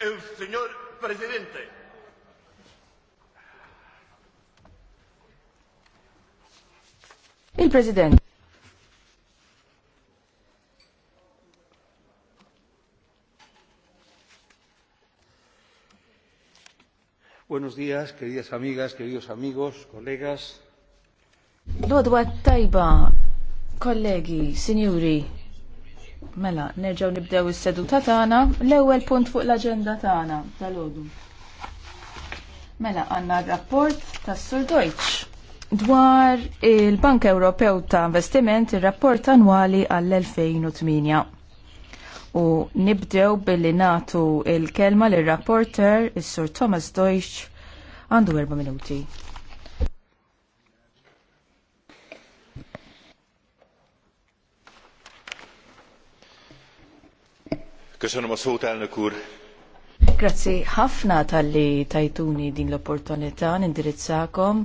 El señor presidente. Il-President. Buenos días, queridas amigas, queridos amigos, colegas. Lodwa tajba, kollegi, signori, Mela, nerġgħu nibdew is-seduta tagħna, l-ewwel punt fuq l-aġenda tagħna tal-għodu. Mela, għandna rapport tas-Sur Deutsch dwar il-Bank Ewropew ta' Investiment ir-rapport annwali għall-2008. U nibdew billi natu il-kelma lir rapporter is-Sur Thomas Deutsch għandu erba' minuti. Köszönöm a szót, elnök úr. Grazzi ħafna tal-li tajtuni din l-opportunità nindirizzakom.